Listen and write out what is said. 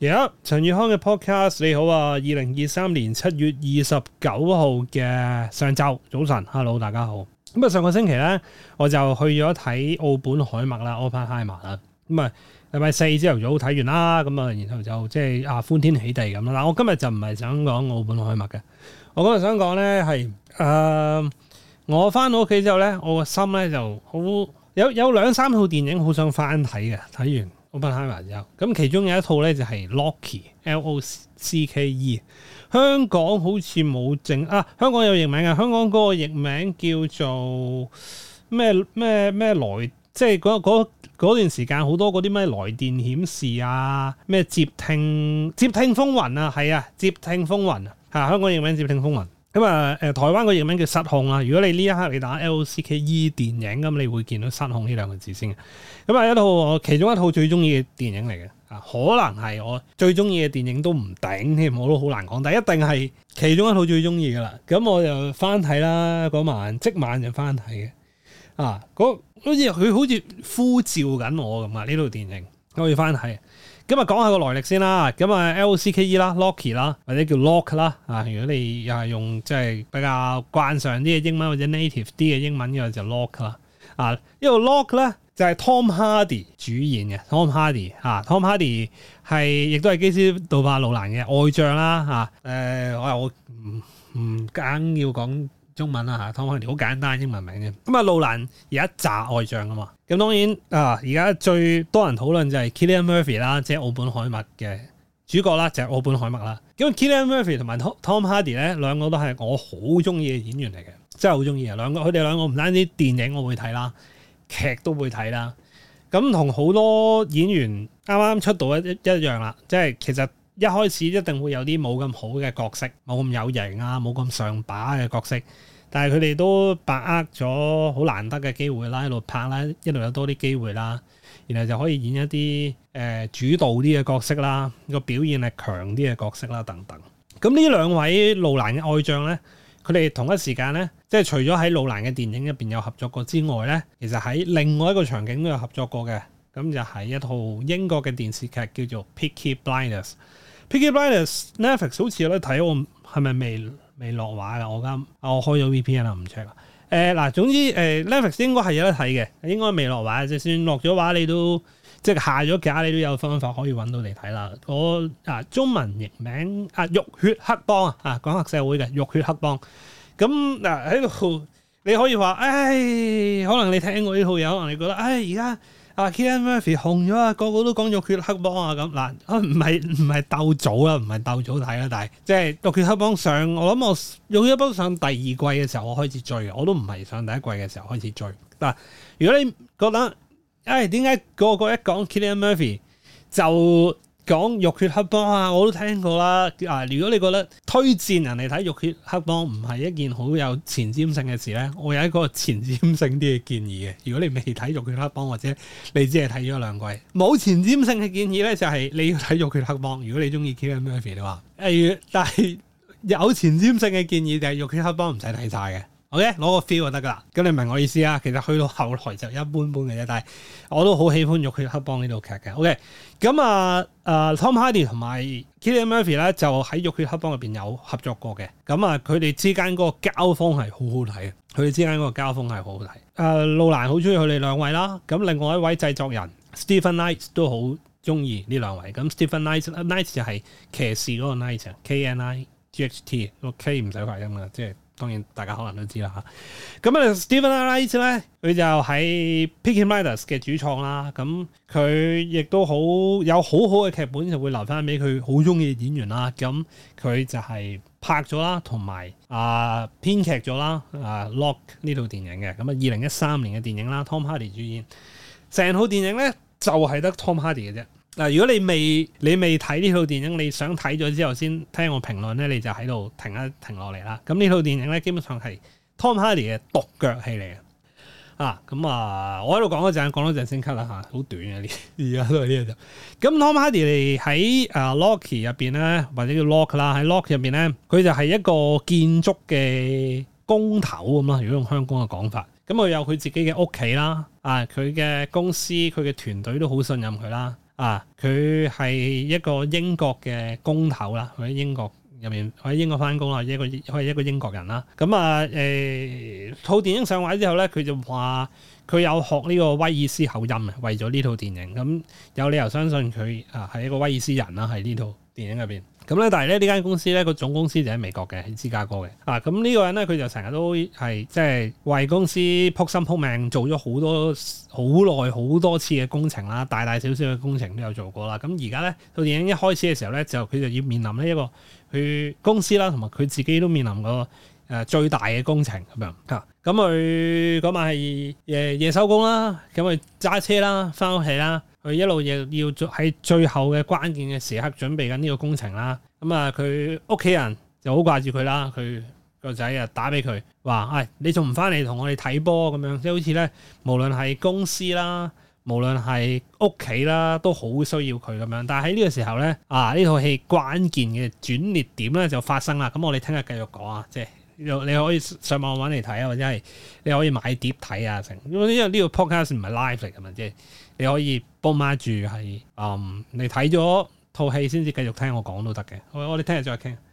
而家陳宇康嘅 podcast，你好啊！二零二三年七月二十九號嘅上晝早晨，hello 大家好。咁啊，上個星期咧，我就去咗睇澳本海默啦，Oppenheimer 啦。咁啊，禮 拜樂四朝頭早睇完啦。咁啊，然後就即係啊歡天喜地咁啦。嗱，我今日就唔係想講澳本海默嘅，我今日想講咧係誒，我翻到屋企之後咧，我個心咧就好有有兩三套電影好想翻睇嘅，睇完。有，咁其中有一套咧就係 Locke，L O C K E。香港好似冇正啊，香港有譯名嘅，香港嗰個譯名叫做咩咩咩來，即係嗰段時間好多嗰啲咩來電顯示啊，咩接聽接聽風雲啊，係啊，接聽風雲啊，啊，香港譯名接聽風雲。咁啊，誒，台灣個譯名叫失控啦。如果你呢一刻你打 L O C K E 電影，咁你會見到失控呢兩個字先嘅。咁啊，一套我其中一套最中意嘅電影嚟嘅，啊，可能係我最中意嘅電影都唔頂添，我都好難講，但一定係其中一套最中意噶啦。咁我就翻睇啦，嗰晚即晚就翻睇嘅。啊，嗰好似佢好似呼召緊我咁啊，呢套電影我要翻睇。咁日講下個來歷先啦，咁啊 L、o、C K E 啦 l o c k y、e、啦，或者叫 Lock 啦，啊，如果你又係用即係比較慣常啲嘅英文或者 native 啲嘅英文，咁就 Lock 啦，啊，呢個 Lock 咧就係、是、Tom Hardy 主演嘅 Tom Hardy 吓、啊、Tom Hardy 係亦都係基斯杜化魯蘭嘅愛將啦，啊，誒、呃、我我唔唔硬要講。中文啦嚇，Tom Hardy 好簡單英文名嘅。咁啊，路蘭有一紮外像啊嘛。咁當然啊，而家最多人討論就係 Cillian Murphy 啦，即係澳本海默嘅主角啦，就係澳本海默啦。咁 Cillian Murphy 同埋 Tom Hardy 咧兩個都係我好中意嘅演員嚟嘅，真係好中意啊！兩個佢哋兩個唔單止電影我會睇啦，劇都會睇啦。咁同好多演員啱啱出道一一樣啦，即係其實。一開始一定會有啲冇咁好嘅角色，冇咁有型啊，冇咁上把嘅角色。但係佢哋都把握咗好難得嘅機會啦。一路拍啦，一路有多啲機會啦，然後就可以演一啲誒、呃、主導啲嘅角色啦，個表現力強啲嘅角色啦等等。咁呢兩位路蘭嘅愛將呢，佢哋同一時間呢，即係除咗喺路蘭嘅電影入邊有合作過之外呢，其實喺另外一個場景都有合作過嘅。咁就係一套英國嘅電視劇叫做《Peaky Blinders》。Peaky Blinders, Netflix 好似有得睇，我係咪未未落畫㗎？我今我開咗 VPN 啊，唔 check 啦。誒、呃、嗱，總之誒、呃、Netflix 應該係有得睇嘅，應該未落畫。就算落咗畫，你都即係下咗架，你都有方法可以揾到嚟睇啦。我、那個、啊中文譯名，啊浴血黑幫啊，啊講黑社會嘅浴血黑幫。咁嗱喺度，你可以話，誒可能你聽過呢套，有可能你覺得誒而家。啊，Kean Murphy 紅咗啊，個個都講《浴血黑幫》啊。咁嗱，唔係唔係鬥早啦，唔係鬥早睇啦，但係即係《浴血黑幫》上，我諗我《浴血黑幫》上第二季嘅時候，我開始追嘅，我都唔係上第一季嘅時候開始追。嗱，如果你覺得，唉，點解個個一講 Kean Murphy 就？講《浴血黑幫》啊，我都聽過啦。啊，如果你覺得推薦人嚟睇《浴血黑幫》唔係一件好有前瞻性嘅事咧，我有一個前瞻性啲嘅建議嘅。如果你未睇《浴血黑幫》，或者你只係睇咗兩季，冇前瞻性嘅建議咧，就係你要睇《浴血黑幫》。如果你中意 Cillian Murphy 嘅話，但係有前瞻性嘅建議就係《浴血黑幫》唔使睇晒嘅。OK，攞個 feel 就得噶啦。咁、嗯、你明我意思啊？其實去到後台就一般般嘅啫，但係我都好喜歡《慾血黑幫》呢套劇嘅。OK，咁、嗯、啊，誒 Tom Hardy 同埋 Cillian Murphy 咧就喺《慾血黑幫》入邊有合作過嘅。咁、嗯、啊，佢哋之間嗰個交鋒係好好睇嘅。佢哋之間嗰個交鋒係好好睇。誒、啊，路蘭好中意佢哋兩位啦。咁、嗯、另外一位製作人 Stephen Knight 都好中意呢兩位。咁 Stephen Knight, Knight 就係騎士嗰個 Knight，K N I、G、H T、K、N I, H T 個 K 唔使發音嘅，即、就、係、是。當然大家可能都知啦嚇，咁啊 Steven 啦，依次咧佢就喺 Picky Midas 嘅主創啦，咁佢亦都好有好好嘅劇本就會留翻俾佢好中意嘅演員啦，咁佢就係拍咗啦，同埋啊編劇咗啦啊 Locke 呢套電影嘅，咁啊二零一三年嘅電影啦，Tom Hardy 主演，成套電影咧就係得 Tom Hardy 嘅啫。嗱，如果你未你未睇呢套電影，你想睇咗之後先聽我評論咧，你就喺度停一停落嚟啦。咁呢套電影咧，基本上係 Tom Hardy 嘅獨腳戲嚟嘅。啊，咁啊，我喺度講嗰陣，講多陣先 cut 啦嚇，好、啊、短啊，呢，而家都係呢個就。咁 Tom Hardy 喺啊 Locke 入邊咧，或者叫 Lock 啦，喺 Lock 入邊咧，佢就係一個建築嘅工頭咁咯。如果用香港嘅講法，咁佢有佢自己嘅屋企啦，啊，佢嘅公司，佢嘅團隊都好信任佢啦。啊！佢係一個英國嘅工頭啦，佢喺英國入面，佢喺英國翻工啦，一個佢係一個英國人啦。咁啊，誒、欸、套電影上畫之後咧，佢就話佢有學呢個威爾斯口音啊，為咗呢套電影。咁、嗯、有理由相信佢啊係一個威爾斯人啦，喺呢套電影入邊。咁咧，但係咧，呢間公司咧，個總公司就喺美國嘅，喺芝加哥嘅。啊，咁、嗯、呢、這個人咧，佢就成日都係即係為公司撲心撲命，做咗好多好耐好多次嘅工程啦，大大小小嘅工程都有做過啦。咁而家咧，到電影一開始嘅時候咧，就佢就要面臨呢一個佢公司啦，同埋佢自己都面臨個。誒最大嘅工程咁樣嚇，咁佢嗰晚係誒夜收工啦，咁佢揸車啦，翻屋企啦，佢一路要要喺最後嘅關鍵嘅時刻準備緊呢個工程啦。咁啊，佢屋企人就好掛住佢啦，佢個仔啊打俾佢話，唉、哎，你仲唔翻嚟同我哋睇波？咁樣即係好似咧，無論係公司啦，無論係屋企啦，都好需要佢咁樣。但係喺呢個時候咧，啊呢套戲關鍵嘅轉捩點咧就發生啦。咁我哋聽日繼續講啊，即係。你可以上網玩嚟睇啊，或者係你可以買碟睇啊，成。因為呢個 podcast 唔係 live 嚟嘅嘛，即係你可以幫埋住係，嗯，你睇咗套戲先至繼續聽我講都得嘅。好，我哋聽日再傾。